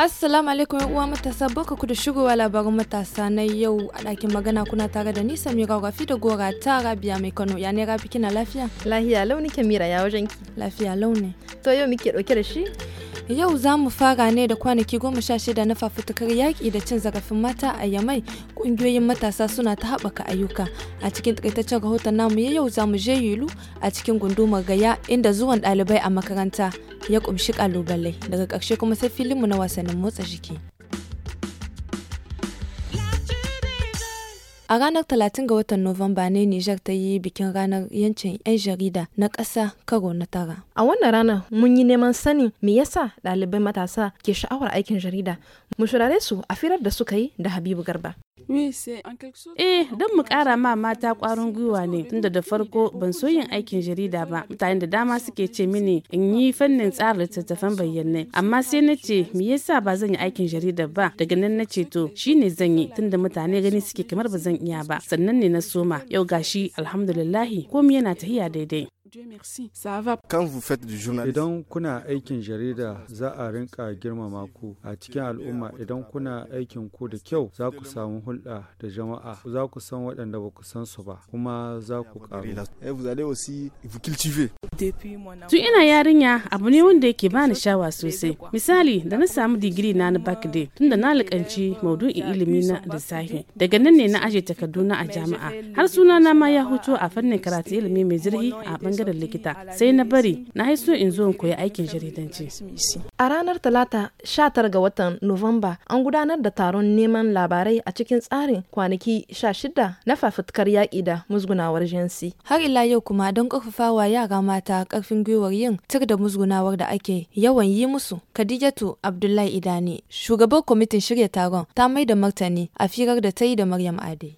Assalamu alaikum uwa matasa barka ku da shigowa labarin matasa na yau a ɗakin magana kuna tare da nisa mira rafi da gora ta rabia mai kano ya ne rafi kina lafiya? Lafiya launi mira ya wajen ki. Lafiya launi. To yau muke ɗauke da shi? Yau za mu fara ne da kwanaki goma sha shida na fafutukar yaƙi da cin zarafin mata a Yamai ƙungiyoyin matasa suna ta haɓaka ayyuka. A cikin takaitaccen rahoton namu ya yau za mu je Yulu a cikin gundumar Gaya inda zuwan ɗalibai a makaranta ya ƙumshi ƙalubale. Daga ƙarshe kuma sai filinmu na wasannin motsa jiki. A ranar talatin ga watan Nuwamba ne Nijar ta yi bikin ranar yancin 'yan jarida na ƙasa karo na tara. A wannan rana mun yi neman sani me yasa ɗalibai matasa ke sha'awar aikin jarida. Mu shirare su a firar da suka yi da Habibu Garba. Eh, don mu kara ma mata kwarin gwiwa ne, tunda da farko ban so yin aikin jarida ba. Mutane da dama suke ce mini in yi fannin tsara littattafan bayyanai, amma sai na ce me yasa ba zan yi aikin jarida ba? Daga nan na ce to shine zan yi tunda mutane gani suke kamar ba zan iya ba. Sannan ne na soma, yau gashi alhamdulillah komai yana tahiya daidai. Kan vous faites du journalisme. Idan kuna aikin jarida za a rinka girmama ku a cikin al'umma idan kuna aikin ku da kyau za ku samu hulɗa da jama'a za ku san waɗanda ba ku san su ba kuma za ku ƙaru. Eh, Tun ina yarinya abu ne wanda yake bani shawa sosai. Misali da na samu digiri na na Bakde tunda na likanci maudu'in ilimi na lissafi. Daga nan ne na aje takarduna a jami'a har suna na ma ya huto a fannin karatu ilimi mai zirhi a bangaren likita sai na bari na yi so in zo in koyi aikin jaridanci. A ranar Talata 19 ga watan Nuwamba an gudanar da taron neman labarai a cikin tsarin kwanaki 16 na fafutukar yaƙi da musgunawar jinsi. Har ila yau kuma don ƙarfafawa yara mata ƙarfin gwiwar yin tir da musgunawar da ake yawan yi musu. Khadijatu Abdullahi Idani, shugabar kwamitin shirya taron ta mai da martani a firar da ta yi da Maryam Ade.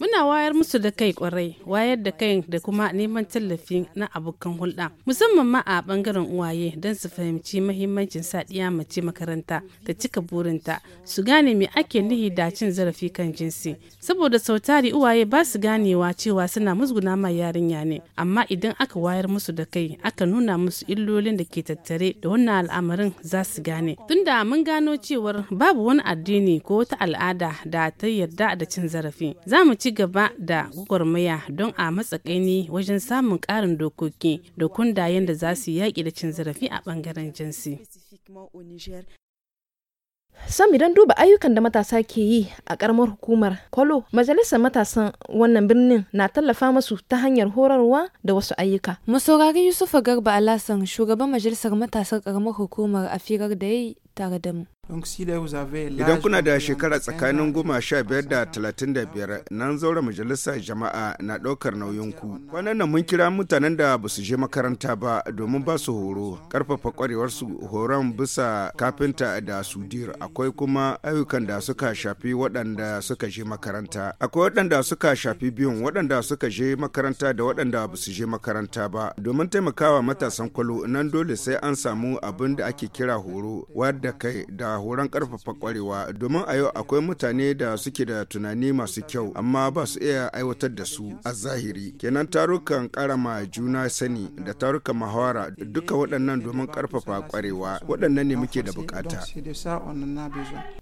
Muna wayar musu da kai kwarai, wayar da kai da kuma neman tallafi na abokan hulɗa, musamman ma a bangaren uwaye don su fahimci mahimmancin sa ɗiya mace makaranta da cika burinta, su gane me ake nihi da cin zarafi kan jinsi. Saboda sau tari uwaye ba su ganewa cewa suna musguna ma yarinya ne, amma idan aka wayar musu da kai, aka nuna musu illolin da ke tattare da wannan al'amarin za su gane. Tunda mun gano cewar babu wani addini ko wata al'ada da ta yarda da cin zarafi. Za mu ci ci gaba da gwagwarmaya don a matsakaini wajen samun karin dokoki da kundayen da za su yaƙi da cin zarafi a ɓangaren jinsi. Sam idan duba ayyukan da matasa ke yi a ƙaramar hukumar Kwalo, majalisar matasan wannan birnin na tallafa masu ta hanyar horarwa da wasu ayyuka. Masaurari Yusufa Garba Alasan, shugaban majalisar matasan ƙaramar hukumar a firar da ya yi tare da mu. Idan kuna da shekara tsakanin goma sha biyar da talatin da biyar nan zaura majalisar jama'a na ɗaukar nauyinku. Kwanan nan mun kira mutanen da ba su je makaranta ba domin ba su horo, ƙarfafa ƙwarewarsu horon bisa kafinta da sudir. Akwai kuma ayyukan da suka shafi waɗanda suka je makaranta. Akwai waɗanda suka shafi biyun waɗanda suka je makaranta da waɗanda ba su je makaranta ba. Domin taimakawa matasan kwalo nan dole sai an samu abin da ake kira horo wadda kai da horon karfafa kwarewa domin a yau akwai mutane da suke da tunani masu kyau amma ba su iya aiwatar da su a zahiri kenan tarukan karama juna sani da tarukan mahawara duka waɗannan domin karfafa kwarewa waɗannan ne muke da bukata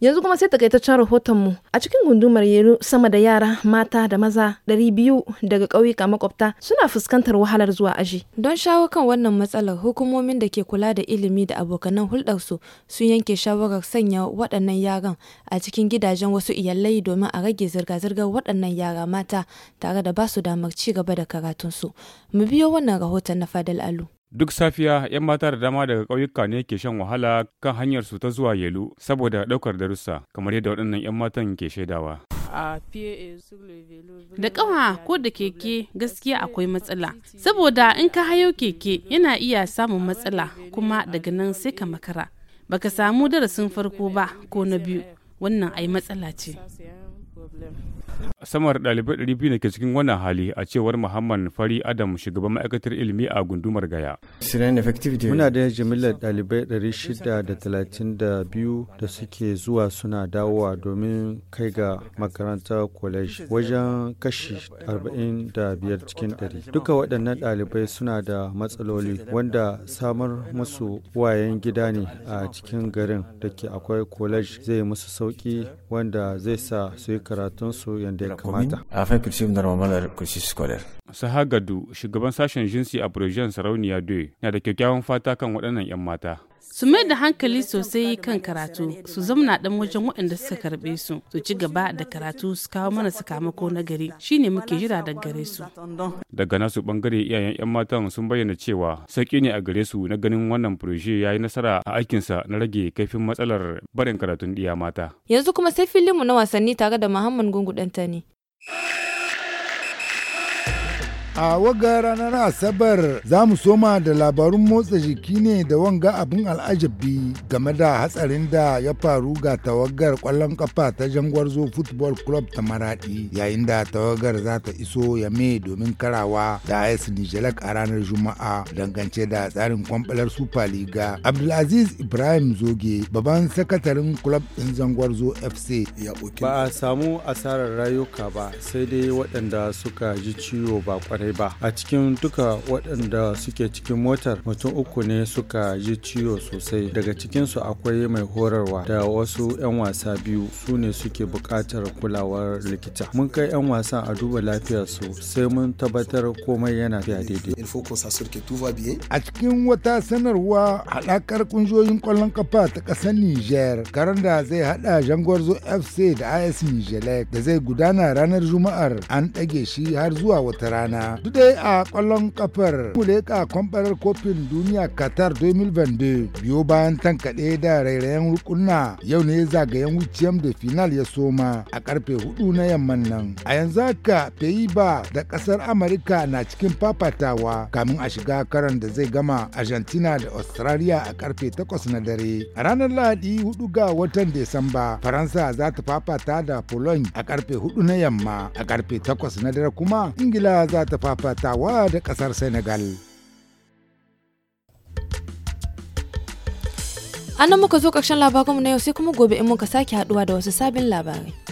yanzu kuma sai takaitaccen rahoton mu a cikin gundumar yero sama da yara mata da maza ɗari biyu daga ƙauyuka makwabta suna fuskantar wahalar zuwa aji don shawo kan wannan matsalar hukumomin da ke kula da ilimi da abokanan hulɗarsu sun yanke shawarar sanya waɗannan yaran a cikin gidajen wasu iyalai domin a rage zirga-zirgar waɗannan yara mata tare da basu damar ci gaba da karatunsu. Mu biyo wannan rahoton na Fadal Alu. Duk safiya, 'yan mata da dama daga ƙauyuka ne ke shan wahala kan hanyar su ta zuwa Yelu saboda ɗaukar darussa, kamar yadda waɗannan 'yan matan ke shaidawa. E da ƙawa ko da keke gaskiya akwai matsala, saboda in ka hayo keke yana iya samun matsala kuma daga nan sai ka makara. baka samu darasin farko ba ko na biyu wannan ai matsala ce Samar ɗalibai ɗari biyu ke cikin wannan hali a cewar Muhammad Fari Adam shugaban ma'aikatar ilimi a gundumar Gaya. Muna da jimillar ɗalibai ɗari shida da talatin da biyu da suke zuwa suna dawowa domin kai ga makaranta college wajen kashi arba'in da biyar cikin ɗari. Duka waɗannan ɗalibai suna da matsaloli wanda samar musu wayan gida ne a cikin garin da ke akwai college zai musu sauƙi wanda zai sa su yi karatunsu yadda scolar saha gadu shugaban sashen jinsi a Projen Sarauniya Doe, na da kyakkyawan fata kan waɗannan 'yan mata. su mai da hankali sosai kan karatu su zamna dan wajen waɗanda suka karɓe su su ci gaba da karatu su kawo mana sakamako na gari shine muke jira da gare su daga nasu bangare iyayen yan matan sun bayyana cewa sauki ne a gare su na ganin wannan proje ya yi nasara a aikinsa na rage kaifin matsalar barin karatun ɗiya mata yanzu kuma sai filinmu na wasanni tare da muhammad gungu ne. A waga ranar Asabar za mu soma da labarun motsa jiki ne da wanga abin al'ajabi game da hatsarin da ya faru ga tawagar kwallon kafa ta Jangwarzo Football Club ta Maraɗi yayin da tawagar za ta iso ya me domin karawa da AS Nijalak a ranar Juma'a dangance da tsarin kwamfalar Super Liga. Abdulaziz Ibrahim Zoge babban sakataren club ɗin Zangwarzo FC ya Ba a samu asarar rayuka ba sai dai waɗanda suka ji ciwo ba kwarai ba a cikin duka waɗanda suke cikin motar mutum uku ne suka yi ciwo sosai daga cikinsu akwai mai horarwa da wasu 'yan wasa biyu su ne suke buƙatar kulawar likita mun kai 'yan wasa a duba lafiyar su sai mun tabbatar komai yana fiya daidai a cikin wata sanarwa haɗakar kungiyoyin ƙwallon kafa ta ƙasar niger karan da zai haɗa jangwarzo fc da as da zai gudana ranar juma'ar an ɗage shi har zuwa wata rana duniya a kwallon kafar muleka kwamfarar kofin duniya qatar 2022 biyo bayan tankaɗe da rairayen rukunna yau ne zagayen wuciyam da final ya soma a karfe hudu na yamman nan a yanzu haka ba da kasar amurka na cikin fafatawa kamin a shiga karan da zai gama argentina da australia a karfe 8 na dare a ranar lahadi hudu ga watan desamba faransa za ta fafata da poland a karfe hudu na yamma a karfe 8 na dare kuma ingila za ta fafatawa da ƙasar Senegal. An muka zo ƙarshen labarinmu na yau sai kuma gobe in muka sake haduwa da wasu sabin labarai.